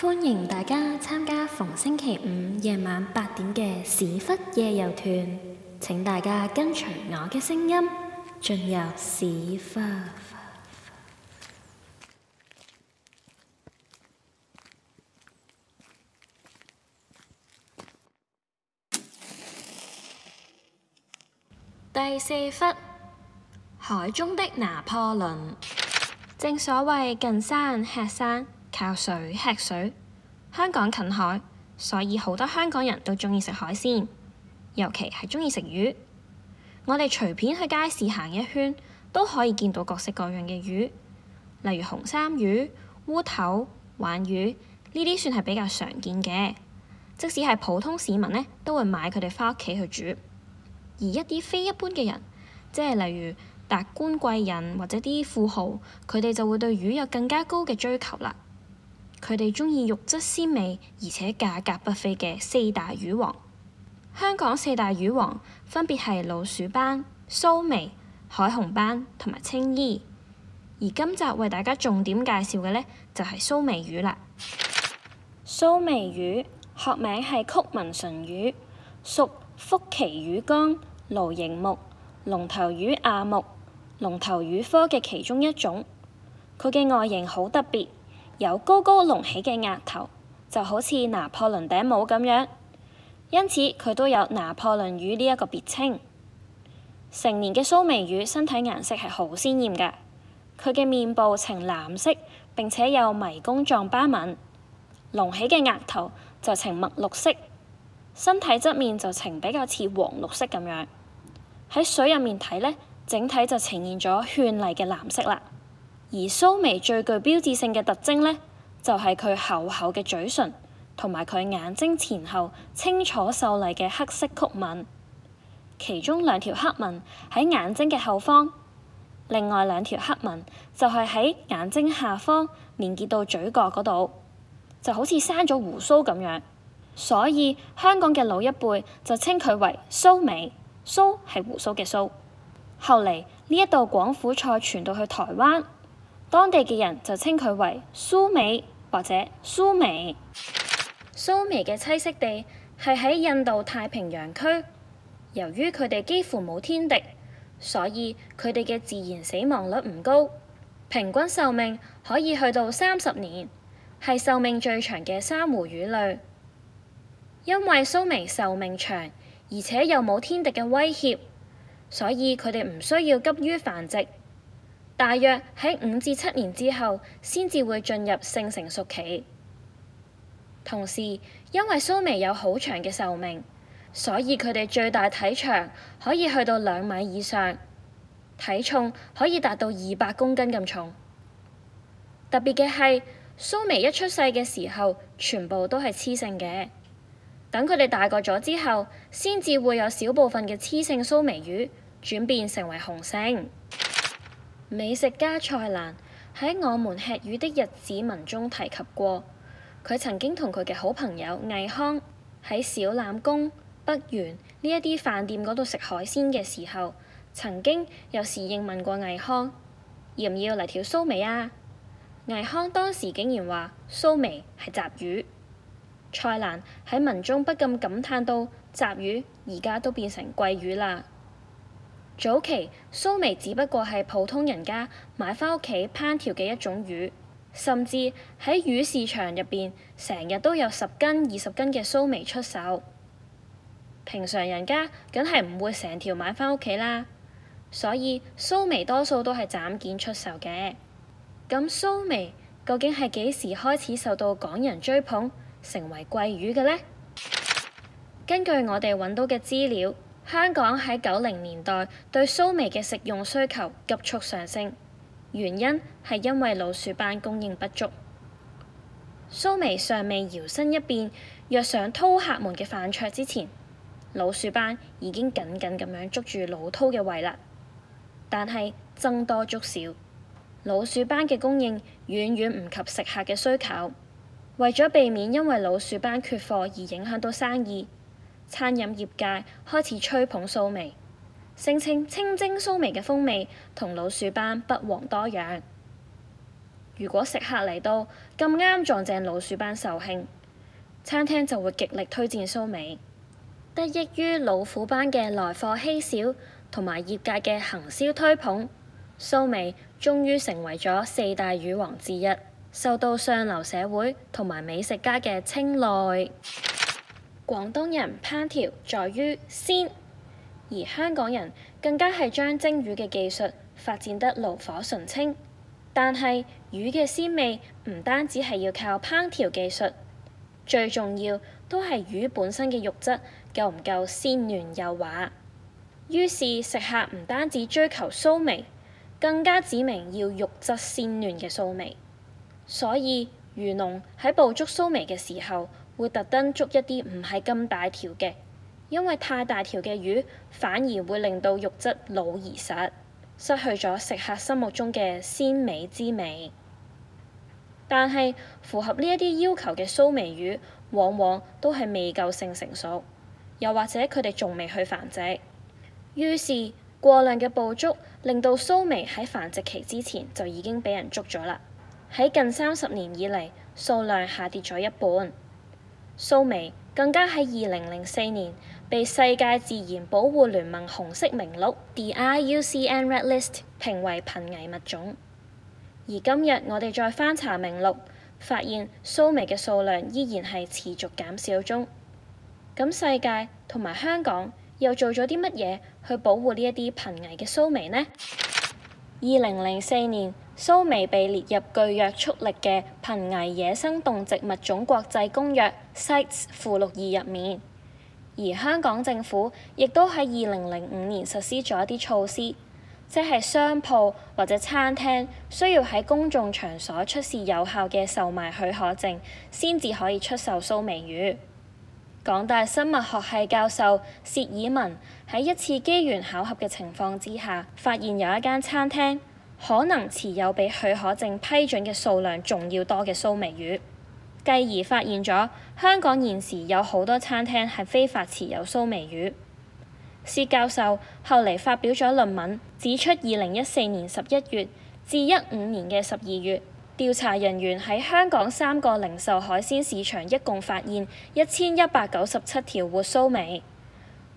歡迎大家參加逢星期五夜晚八點嘅史窟夜遊團。請大家跟隨我嘅聲音進入史窟。第四窟，海中的拿破崙。正所謂近山吃山，靠水吃水，香港近海，所以好多香港人都中意食海鮮，尤其係中意食魚。我哋隨便去街市行一圈，都可以見到各式各樣嘅魚，例如紅衫魚、烏頭、鯇魚呢啲，算係比較常見嘅。即使係普通市民呢，都會買佢哋翻屋企去煮。而一啲非一般嘅人，即係例如達官貴人或者啲富豪，佢哋就會對魚有更加高嘅追求啦。佢哋中意肉質鮮美而且價格不菲嘅四大魚王。香港四大魚王分別係老鼠斑、蘇眉、海紅斑同埋青衣。而今集為大家重點介紹嘅呢，就係、是、蘇眉魚啦。蘇眉魚學名係曲紋唇魚，屬輻鰭魚綱、鱸形目、隆頭魚亞目、隆頭魚科嘅其中一種。佢嘅外形好特別。有高高隆起嘅額頭，就好似拿破崙頂帽咁樣，因此佢都有拿破崙魚呢一個別稱。成年嘅蘇眉魚身體顏色係好鮮豔嘅，佢嘅面部呈藍色，並且有迷宮狀斑紋，隆起嘅額頭就呈墨綠色，身體側面就呈比較似黃綠色咁樣。喺水入面睇呢，整體就呈現咗絢麗嘅藍色啦。而蘇眉最具標誌性嘅特徵呢，就係佢厚厚嘅嘴唇，同埋佢眼睛前後清楚秀麗嘅黑色曲紋。其中兩條黑紋喺眼睛嘅後方，另外兩條黑紋就係喺眼睛下方連結到嘴角嗰度，就好似生咗鬍鬚咁樣。所以香港嘅老一輩就稱佢為蘇眉，蘇係鬍鬚嘅蘇。後嚟呢一道廣府菜傳到去台灣。當地嘅人就稱佢為蘇美或者蘇眉。蘇眉嘅棲息地係喺印度太平洋區。由於佢哋幾乎冇天敵，所以佢哋嘅自然死亡率唔高，平均壽命可以去到三十年，係壽命最長嘅珊瑚魚類。因為蘇眉壽命長，而且又冇天敵嘅威脅，所以佢哋唔需要急於繁殖。大約喺五至七年之後，先至會進入性成熟期。同時，因為蘇眉有好長嘅壽命，所以佢哋最大體長可以去到兩米以上，體重可以達到二百公斤咁重。特別嘅係，蘇眉一出世嘅時候，全部都係雌性嘅。等佢哋大個咗之後，先至會有少部分嘅雌性蘇眉魚轉變成為雄性。美食家蔡瀾喺我們吃魚的日子文中提及過，佢曾經同佢嘅好朋友魏康喺小欖宮、北園呢一啲飯店嗰度食海鮮嘅時候，曾經有侍應問過魏康，要唔要嚟條蘇眉啊？魏康當時竟然話蘇眉係雜魚，蔡瀾喺文中不禁感嘆到，雜魚而家都變成貴魚啦。早期蘇眉只不過係普通人家買翻屋企烹調嘅一種魚，甚至喺魚市場入邊，成日都有十斤、二十斤嘅蘇眉出售。平常人家梗係唔會成條買翻屋企啦，所以蘇眉多數都係斬件出售嘅。咁蘇眉究竟係幾時開始受到港人追捧，成為貴魚嘅呢？根據我哋揾到嘅資料。香港喺九零年代對蘇眉嘅食用需求急速上升，原因係因為老鼠斑供應不足。蘇眉尚未搖身一變躍上饕客們嘅飯桌之前，老鼠斑已經緊緊咁樣捉住老饕嘅胃啦。但係僧多粥少，老鼠斑嘅供應遠遠唔及食客嘅需求。為咗避免因為老鼠斑缺貨而影響到生意。餐飲業界開始吹捧蘇眉，聲稱清蒸蘇眉嘅風味同老鼠斑不遑多讓。如果食客嚟到咁啱撞正老鼠斑售罄，餐廳就會極力推薦蘇眉。得益於老虎斑嘅來貨稀少，同埋業界嘅行銷推捧，蘇眉終於成為咗四大魚王之一，受到上流社會同埋美食家嘅青睞。廣東人烹調在於鮮，而香港人更加係將蒸魚嘅技術發展得爐火純青。但係魚嘅鮮味唔單止係要靠烹調技術，最重要都係魚本身嘅肉質夠唔夠鮮嫩幼滑。於是食客唔單止追求蘇眉，更加指明要肉質鮮嫩嘅蘇眉。所以魚農喺捕捉蘇眉嘅時候，會特登捉一啲唔係咁大條嘅，因為太大條嘅魚反而會令到肉質老而實，失去咗食客心目中嘅鮮美之味。但係符合呢一啲要求嘅蘇眉魚，往往都係未夠性成熟，又或者佢哋仲未去繁殖。於是過量嘅捕捉令到蘇眉喺繁殖期之前就已經俾人捉咗啦。喺近三十年以嚟，數量下跌咗一半。蘇眉更加喺二零零四年被世界自然保護聯盟紅色名錄 （the IUCN Red List） 評為瀕危物種。而今日我哋再翻查名錄，發現蘇眉嘅數量依然係持續減少中。咁世界同埋香港又做咗啲乜嘢去保護呢一啲瀕危嘅蘇眉呢？二零零四年。蘇眉被列入《巨約促力嘅瀕危野生動植物種國際公約 s i t e s 附錄二入面，而香港政府亦都喺二零零五年實施咗一啲措施，即係商鋪或者餐廳需要喺公眾場所出示有效嘅售賣許可證，先至可以出售蘇眉魚。港大生物學系教授薛爾文喺一次機緣巧合嘅情況之下，發現有一間餐廳。可能持有比許可證批准嘅數量仲要多嘅蘇眉魚，繼而發現咗香港現時有好多餐廳係非法持有蘇眉魚。薛教授後嚟發表咗論文，指出二零一四年十一月至一五年嘅十二月，調查人員喺香港三個零售海鮮市場一共發現一千一百九十七條活蘇眉。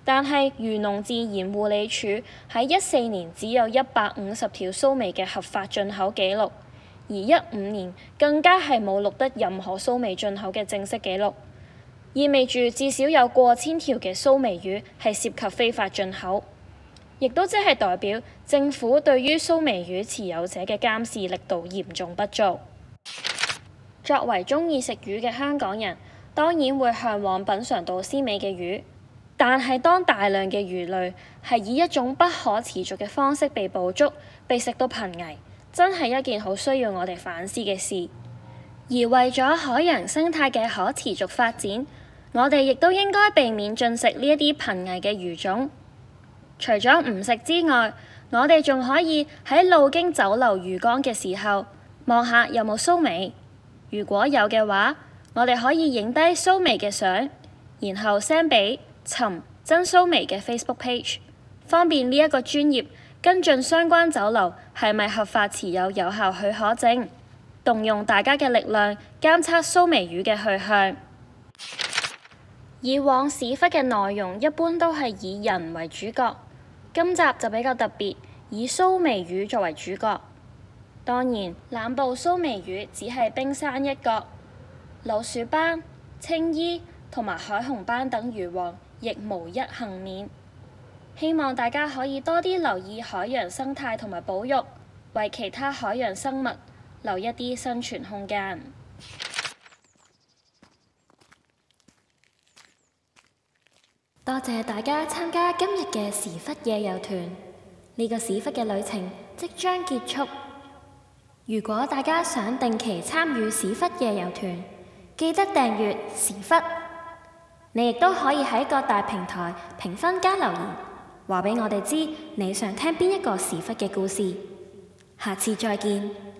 但係漁農自然護理署喺一四年只有一百五十條蘇眉嘅合法進口記錄，而一五年更加係冇錄得任何蘇眉進口嘅正式記錄，意味住至少有過千條嘅蘇眉魚係涉及非法進口，亦都即係代表政府對於蘇眉魚持有者嘅監視力度嚴重不足。作為中意食魚嘅香港人，當然會向往品嚐到鮮美嘅魚。但係，當大量嘅魚類係以一種不可持續嘅方式被捕捉，被食到瀕危，真係一件好需要我哋反思嘅事。而為咗海洋生態嘅可持續發展，我哋亦都應該避免進食呢一啲瀕危嘅魚種。除咗唔食之外，我哋仲可以喺路經酒樓魚缸嘅時候，望下有冇蘇眉。如果有嘅話，我哋可以影低蘇眉嘅相，然後 send 俾。尋真蘇眉嘅 Facebook page，方便呢一個專業跟進相關酒樓係咪合法持有有效許可證，動用大家嘅力量監測蘇眉魚嘅去向。以往史窟嘅內容一般都係以人為主角，今集就比較特別，以蘇眉魚作為主角。當然，濫捕蘇眉魚只係冰山一角，老鼠斑、青衣同埋海紅斑等魚王，亦無一幸免。希望大家可以多啲留意海洋生態同埋保育，為其他海洋生物留一啲生存空間。多謝大家參加今日嘅史窟夜遊團，呢、這個史窟嘅旅程即將結束。如果大家想定期參與史窟夜遊團，記得訂閱史窟。你亦都可以喺各大平台評分加留言，話俾我哋知你想聽邊一個史窟嘅故事。下次再見。